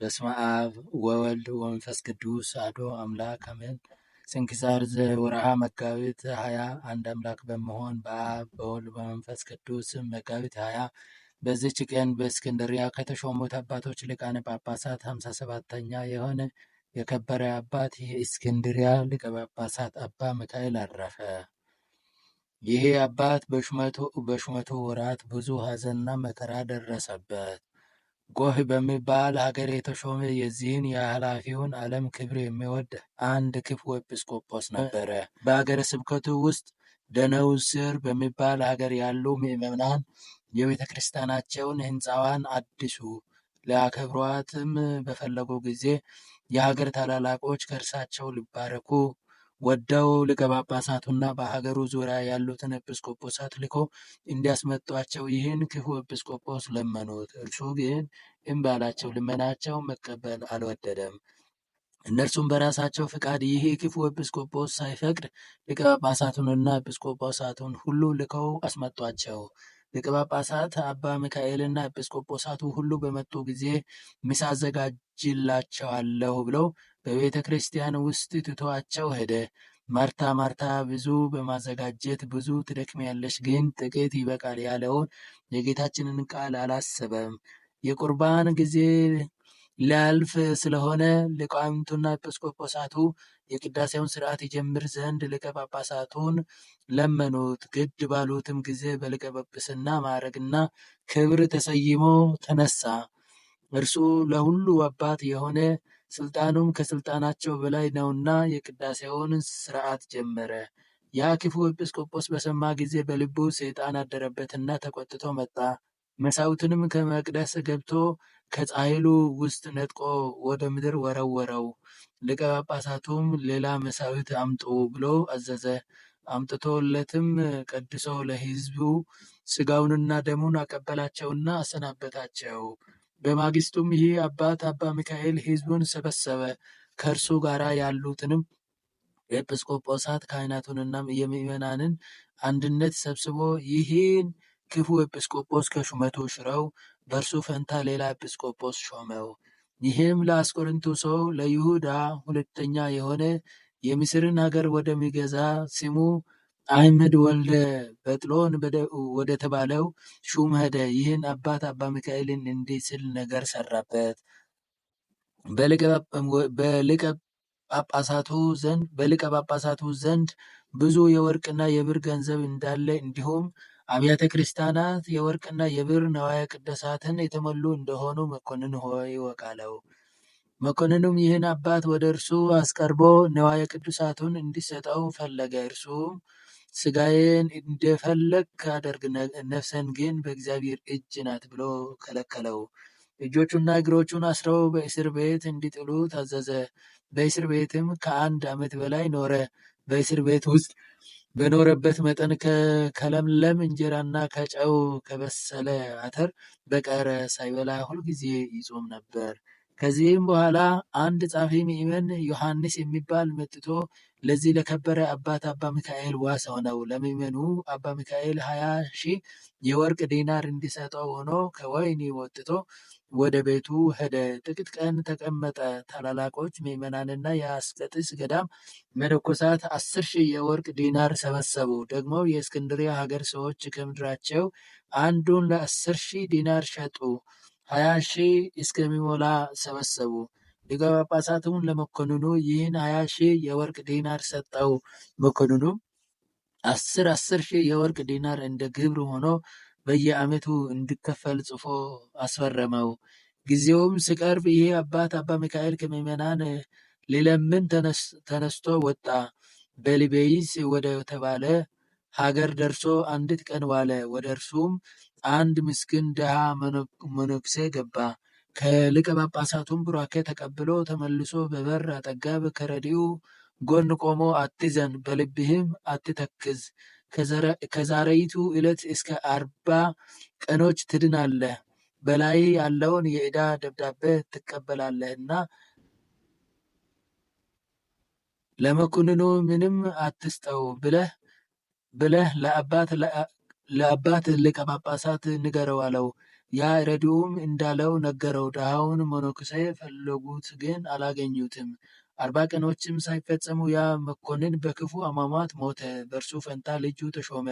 በስመ አብ ወወልድ ወመንፈስ ቅዱስ አሐዱ አምላክ አሜን። ስንክሳር ዘወርኃ መጋቢት ሀያ አንድ አምላክ በመሆን በአብ በወልድ በመንፈስ ቅዱስ መጋቢት ሀያ በዚች ቀን በእስክንድሪያ ከተሾሙት አባቶች ሊቃነ ጳጳሳት ሀምሳ ሰባተኛ የሆነ የከበረ አባት የእስክንድሪያ ሊቀ ጳጳሳት አባ ሚካኤል አረፈ። ይህ አባት በሹመቱ ወራት ብዙ ሀዘንና መከራ ደረሰበት። ጎህ በሚባል ሀገር የተሾመ የዚህን የኃላፊውን ዓለም ክብር የሚወድ አንድ ክፉ ኤጲስቆጶስ ነበረ። በሀገረ ስብከቱ ውስጥ ስር በሚባል ሀገር ያሉ ምእመናን የቤተ ክርስቲያናቸውን ህንፃዋን አድሱ ሊያከብሯትም በፈለጉ ጊዜ የሀገር ታላላቆች ከእርሳቸው ሊባረኩ ወደው ሊቀ ጳጳሳቱና በሀገሩ ዙሪያ ያሉትን ኤጲስቆጶሳት ልኮ እንዲያስመጧቸው ይህን ክፉ ኤጲስቆጶስ ለመኑት። እርሱ ግን እምቢ አላቸው፣ ልመናቸው መቀበል አልወደደም። እነርሱም በራሳቸው ፍቃድ ይህ ክፉ ኤጲስቆጶስ ሳይፈቅድ ሊቀ ጳጳሳቱንና ኤጲስቆጶሳቱን ሁሉ ልከው አስመጧቸው። ሊቀ ጳጳሳት አባ ሚካኤልና ኤጲስቆጶሳቱ ሁሉ በመጡ ጊዜ ምሳ አዘጋጅላቸዋለሁ ብለው በቤተ ክርስቲያን ውስጥ ትቷቸው ሄደ። ማርታ ማርታ ብዙ በማዘጋጀት ብዙ ትደክሚያለሽ፣ ግን ጥቂት ይበቃል ያለውን የጌታችንን ቃል አላሰበም። የቁርባን ጊዜ ሊያልፍ ስለሆነ ሊቀ ጳጳሳቱና የቅዳሴውን ስርዓት ይጀምር ዘንድ ሊቀ ጳጳሳቱን ለመኑት። ግድ ባሉትም ጊዜ በሊቀ ጵጵስና ማዕረግና ክብር ተሰይሞ ተነሳ። እርሱ ለሁሉ አባት የሆነ ስልጣኑም ከስልጣናቸው በላይ ነውና የቅዳሴውን ስርዓት ጀመረ። ያ ክፉ በሰማ ጊዜ በልቡ ሰይጣን አደረበትና ተቆጥቶ መጣ። መሳዊትንም ከመቅደስ ገብቶ ከጻሕሉ ውስጥ ነጥቆ ወደ ምድር ወረወረው። ሊቀ ጳጳሳቱም ሌላ መሳዊት አምጡ ብሎ አዘዘ። አምጥቶለትም ቀድሶ ለሕዝቡ ስጋውንና ደሙን አቀበላቸውና አሰናበታቸው። በማግስቱም ይህ አባት አባ ሚካኤል ሕዝቡን ሰበሰበ። ከእርሱ ጋር ያሉትንም ኤጲስቆጶሳት፣ ካህናቱንና የምእመናንን አንድነት ሰብስቦ ይህን ክፉ ኤጲስቆጶስ ከሹመቱ ሽረው በእርሱ ፈንታ ሌላ ኤጲስቆጶስ ሾመው። ይህም ለአስቆሮቱ ሰው ለይሁዳ ሁለተኛ የሆነ የምስርን ሀገር ወደሚገዛ ስሙ አይመድ ወልደ በጥሎን ወደተባለው ሹም ሄደ። ይህን አባት አባ ሚካኤልን እንዲህ ስል ነገር ሰራበት። በልቀ ጳጳሳቱ ዘንድ ጳጳሳቱ ዘንድ ብዙ የወርቅና የብር ገንዘብ እንዳለ እንዲሁም አብያተ ክርስቲያናት የወርቅና የብር ነዋያ ቅድሳትን የተሞሉ እንደሆኑ መኮንን ሆይ ወቃለው። መኮንኑም ይህን አባት ወደ እርሱ አስቀርቦ ንዋየ ቅዱሳቱን እንዲሰጠው ፈለገ። እርሱም ስጋዬን እንደፈለግ አድርግ፣ ነፍሰን ግን በእግዚአብሔር እጅ ናት ብሎ ከለከለው። እጆቹና እግሮቹን አስረው በእስር ቤት እንዲጥሉ ታዘዘ። በእስር ቤትም ከአንድ ዓመት በላይ ኖረ። በእስር ቤት ውስጥ በኖረበት መጠን ከለምለም እንጀራና ከጨው ከበሰለ አተር በቀረ ሳይበላ ሁልጊዜ ይጾም ነበር። ከዚህም በኋላ አንድ ጻፊ ምእመን ዮሐንስ የሚባል መጥቶ ለዚህ ለከበረ አባት አባ ሚካኤል ዋስ ሆነው ለምዕመኑ አባ ሚካኤል ሀያ ሺህ የወርቅ ዲናር እንዲሰጠው ሆኖ ከወይኒ ወጥቶ ወደ ቤቱ ሄደ። ጥቂት ቀን ተቀመጠ። ታላላቆች ምዕመናንና የአስቀጥስ ገዳም መነኮሳት አስር ሺህ የወርቅ ዲናር ሰበሰቡ። ደግሞ የእስክንድሪያ ሀገር ሰዎች ከምድራቸው አንዱን ለአስር ሺህ ዲናር ሸጡ። ሀያ ሺህ እስከሚሞላ ሰበሰቡ። ሊቀ ጳጳሳቱም ለመኮንኑ ይህን ሀያ ሺህ የወርቅ ዲናር ሰጠው። መኮንኑም አስር አስር ሺህ የወርቅ ዲናር እንደ ግብር ሆኖ በየዓመቱ እንዲከፈል ጽፎ አስፈረመው። ጊዜውም ሲቀርብ ይህ አባት አባ ሚካኤል ከምዕመናን ሊለምን ተነስቶ ወጣ። በሊቤይስ ወደ ተባለ ሀገር ደርሶ አንዲት ቀን ዋለ። ወደ እርሱም አንድ ምስኪን ድሃ መነኩሴ ገባ። ከሊቀ ጳጳሳቱም ቡራኬ ተቀብሎ ተመልሶ በበር አጠገብ ከረድኡ ጎን ቆሞ አትዘን፣ በልብህም አትተክዝ፣ ከዛሬይቱ ዕለት እስከ አርባ ቀኖች ትድናለህ፣ በላይ ያለውን የዕዳ ደብዳቤ ትቀበላለህና ለመኮንኑ ምንም አትስጠው ብለህ ብለህ ለአባት ሊቀ ጳጳሳት ንገረው አለው። ያ ረድኡም እንዳለው ነገረው። ድሃውን መነኩሴ ፈለጉት፣ ግን አላገኙትም። አርባ ቀኖችም ሳይፈጸሙ ያ መኮንን በክፉ አሟሟት ሞተ። በእርሱ ፈንታ ልጁ ተሾመ።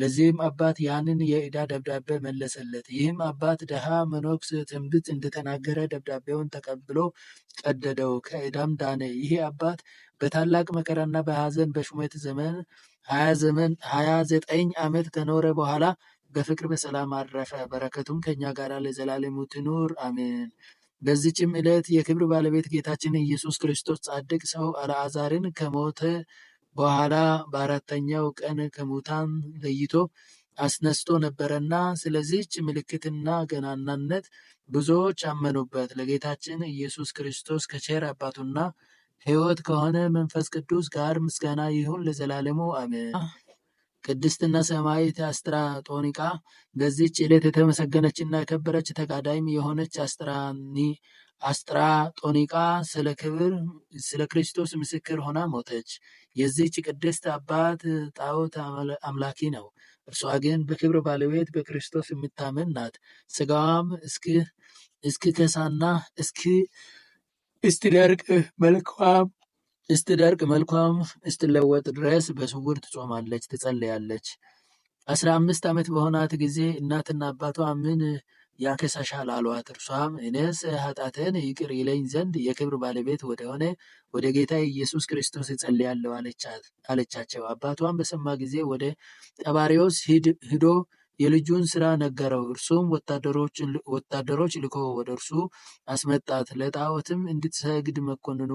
ለዚህም አባት ያንን የዕዳ ደብዳቤ መለሰለት። ይህም አባት ድሃ መኖክስ ትንቢት እንደተናገረ ደብዳቤውን ተቀብሎ ቀደደው፣ ከዕዳም ዳነ። ይህ አባት በታላቅ መከራና በሐዘን በሹመት ዘመን ሀያ ዘጠኝ ዓመት ከኖረ በኋላ በፍቅር በሰላም አረፈ። በረከቱም ከእኛ ጋር ለዘላለሙ ትኑር አሜን። በዚችም ዕለት የክብር ባለቤት ጌታችን ኢየሱስ ክርስቶስ ጻድቅ ሰው አልዓዛርን ከሞተ በኋላ በአራተኛው ቀን ከሙታን ለይቶ አስነስቶ ነበረና ስለዚች ምልክትና ገናናነት ብዙዎች አመኑበት። ለጌታችን ኢየሱስ ክርስቶስ ከቸር አባቱና ሕይወት ከሆነ መንፈስ ቅዱስ ጋር ምስጋና ይሁን ለዘላለሙ አሜን። ቅድስትና ሰማዕት አስጥራጦኒቃ በዚች ዕለት የተመሰገነችና የከበረች ተጋዳይም የሆነች አስጥራጦኒቃ ስለ ክርስቶስ ምስክር ሆና ሞተች። የዚች ቅድስት አባት ጣዖት አምላኪ ነው። እርሷ ግን በክብር ባለቤት በክርስቶስ የምታምን ናት። ስጋዋም እስኪ ከሳና እስኪ እስቲደርቅ መልክዋም እስትደርቅ መልኳም እስትለወጥ ድረስ በስውር ትጾማለች፣ ትጸለያለች። አስራ አምስት ዓመት በሆናት ጊዜ እናትና አባቷ ምን ያከሳሻል አሏት። እርሷም እኔስ ኃጢአቴን ይቅር ይለኝ ዘንድ የክብር ባለቤት ወደሆነ ወደ ጌታ ኢየሱስ ክርስቶስ እጸልያለሁ አለቻቸው። አባቷም በሰማ ጊዜ ወደ ጠባሪዎስ ሂዶ የልጁን ስራ ነገረው። እርሱም ወታደሮች ልኮ ወደ እርሱ አስመጣት። ለጣዖትም እንድትሰግድ መኮንኑ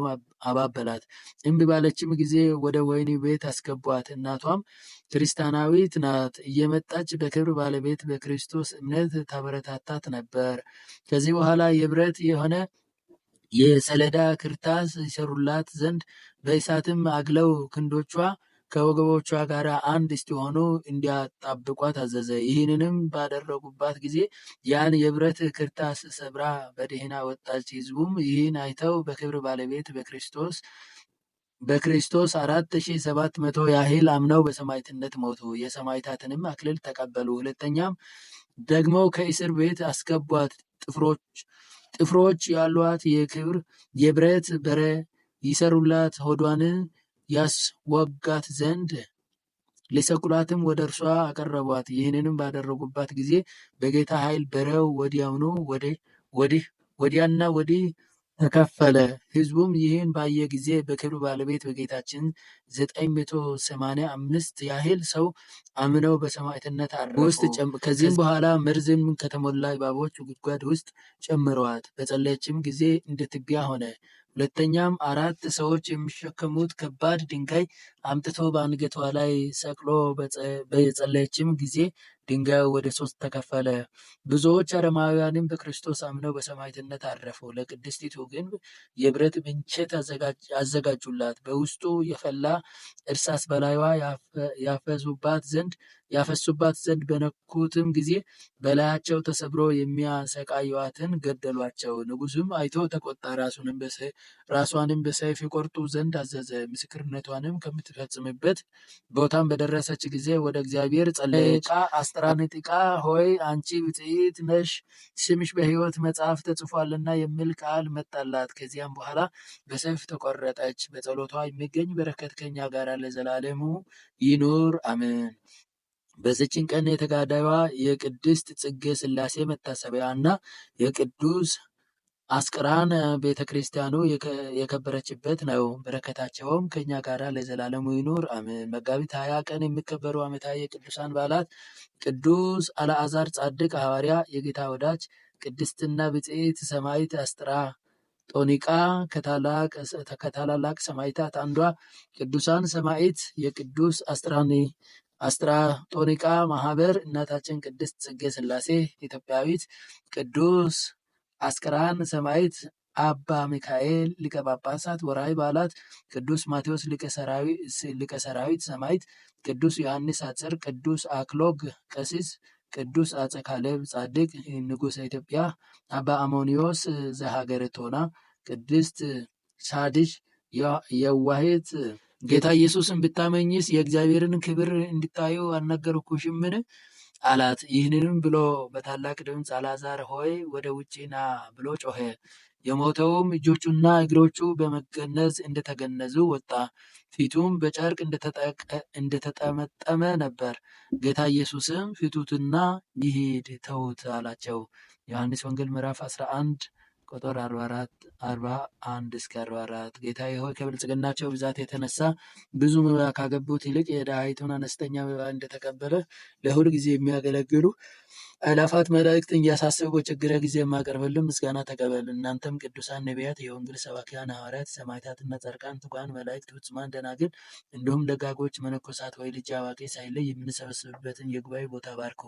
አባበላት። እምቢ ባለችም ጊዜ ወደ ወህኒ ቤት አስገቧት። እናቷም ክርስቲያናዊት ናት። እየመጣች በክብር ባለቤት በክርስቶስ እምነት ታበረታታት ነበር። ከዚህ በኋላ የብረት የሆነ የሰሌዳ ክርታስ ይሰሩላት ዘንድ በእሳትም አግለው ክንዶቿ ከወገቦቿ ጋር አንድ እስኪሆኑ እንዲያጣብቋት አዘዘ። ይህንንም ባደረጉባት ጊዜ ያን የብረት ክርታስ ሰብራ በደህና ወጣች። ህዝቡም ይህን አይተው በክብር ባለቤት በክርስቶስ በክርስቶስ አራት ሺህ ሰባት መቶ ያህል አምነው በሰማዕትነት ሞቱ። የሰማዕትነትንም አክሊል ተቀበሉ። ሁለተኛም ደግሞ ከእስር ቤት አስገቧት። ጥፍሮች ጥፍሮች ያሏት የክብር የብረት በረ ይሰሩላት። ሆዷን ያስወጋት ዘንድ ሊሰቅሉአትም ወደ እርሷ አቀረቧት። ይህንንም ባደረጉባት ጊዜ በጌታ ኃይል በረው ወዲያውኑ ወዲያና ወዲህ ተከፈለ። ሕዝቡም ይህን ባየ ጊዜ በክብሩ ባለቤት በጌታችን ዘጠኝ መቶ ሰማንያ አምስት ያህል ሰው አምነው በሰማዕትነት ውስጥ ከዚህም በኋላ መርዝም ከተሞላ እባቦች ጉድጓድ ውስጥ ጨመሯት። በጸለየችም ጊዜ እንደ ትቢያ ሆነ። ሁለተኛም አራት ሰዎች የሚሸከሙት ከባድ ድንጋይ አምጥቶ በአንገቷ ላይ ሰቅሎ በጸለየችም ጊዜ ድንጋዩ ወደ ሶስት ተከፈለ። ብዙዎች አረማውያንም በክርስቶስ አምነው በሰማዕትነት አረፉ። ለቅድስቲቱ ግን የብረት ምንቸት አዘጋጁላት፣ በውስጡ የፈላ እርሳስ በላይዋ ያፈሱባት ዘንድ ያፈሱባት ዘንድ በነኩትም ጊዜ በላያቸው ተሰብሮ የሚሣቅዩአትን ገደሏቸው ንጉሱም አይቶ ተቆጣ ራሷንም በሰይፍ ይቆርጡ ዘንድ አዘዘ። ምስክርነቷንም ከምትፈጽምበት ቦታም በደረሰች ጊዜ ወደ እግዚአብሔር ጸለየች። አስጠራኒቲቃ ሆይ አንቺ ብፅዕት ነሽ ስምሽ በሕይወት መጽሐፍ ተጽፏልና የሚል ቃል መጣላት። ከዚያም በኋላ በሰይፍ ተቆረጠች። በጸሎቷ የሚገኝ በረከት ከኛ ጋር ለዘላለሙ ይኑር አሜን። በዚችን ቀን የተጋዳይዋ የቅድስት ጽጌ ሥላሴ መታሰቢያ እና የቅዱስ አስቅራን ቤተ ክርስቲያኑ የከበረችበት ነው። በረከታቸውም ከኛ ጋር ለዘላለሙ ይኑር አሜን። መጋቢት ሀያ ቀን የሚከበሩ ዓመታዊ የቅዱሳን በዓላት ቅዱስ አልዓዛር ጻድቅ ሐዋርያ የጌታ ወዳጅ፣ ቅድስትና ብጽዕት ሰማዕት አስጥራ ጦኒቃ ከታላላቅ ሰማዕታት አንዷ። ቅዱሳን ሰማዕት የቅዱስ አስጥራጦኒቃ ማህበር እናታችን ቅድስት ጽጌ ስላሴ ኢትዮጵያዊት ቅዱስ አስቀራን ሰማይት አባ ሚካኤል ሊቀ ጳጳሳት። ወራይ በዓላት ቅዱስ ማቴዎስ ሊቀ ሰራዊት ሰማይት ቅዱስ ዮሐንስ አጽር፣ ቅዱስ አክሎግ ቀሲስ፣ ቅዱስ አፄ ጻድቅ ንጉሰ ኢትዮጵያ፣ አባ አሞኒዮስ ዘሀገረ ቶና፣ ቅድስት ሳድሽ የዋሄት ጌታ ኢየሱስን ብታመኝስ የእግዚአብሔርን ክብር እንድታዩ አልነገርኩሽምን? አላት። ይህንንም ብሎ በታላቅ ድምፅ አላዛር ሆይ ወደ ውጭ ና ብሎ ጮኸ። የሞተውም እጆቹና እግሮቹ በመገነዝ እንደተገነዙ ወጣ፣ ፊቱም በጨርቅ እንደተጠመጠመ ነበር። ጌታ ኢየሱስም ፊቱትና ይሄድ ተውት አላቸው። ዮሐንስ ወንጌል ምዕራፍ 11 ቁጥር 44 41 እስከ 44 ጌታዬ ሆይ ከብልጽግናቸው ብዛት የተነሳ ብዙ መባ ካገቡት ይልቅ የድሃይቱን አነስተኛ መባ እንደተቀበለ ለሁል ጊዜ የሚያገለግሉ አእላፋት መላእክት እያሳሰብኩ ችግረ ጊዜ የማቀርብልን ምስጋና ተቀበል። እናንተም ቅዱሳን ነቢያት፣ የወንጌል ሰባኪያን ሐዋርያት፣ ሰማዕታትና ጻድቃን፣ ትጉሃን መላእክት፣ ፍጹማን ደናግል፣ እንዲሁም ደጋጎች መነኮሳት ወይ ልጅ አዋቂ ሳይለይ የምንሰበስብበትን የጉባኤ ቦታ ባርኩ።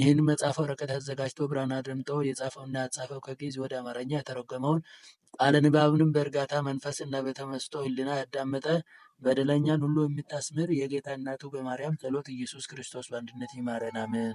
ይህን መጽሐፈ ወረቀት አዘጋጅቶ ብራና ደምጠው የጻፈውና ያጻፈው ከግዕዝ ወደ አማርኛ የተረጎመውን ቃለ ንባብንም በእርጋታ መንፈስና በተመስጦ ህልና ያዳመጠ በደለኛን ሁሉ የምታስምር የጌታ እናቱ በማርያም ጸሎት ኢየሱስ ክርስቶስ በአንድነት ይማረን፣ አሜን።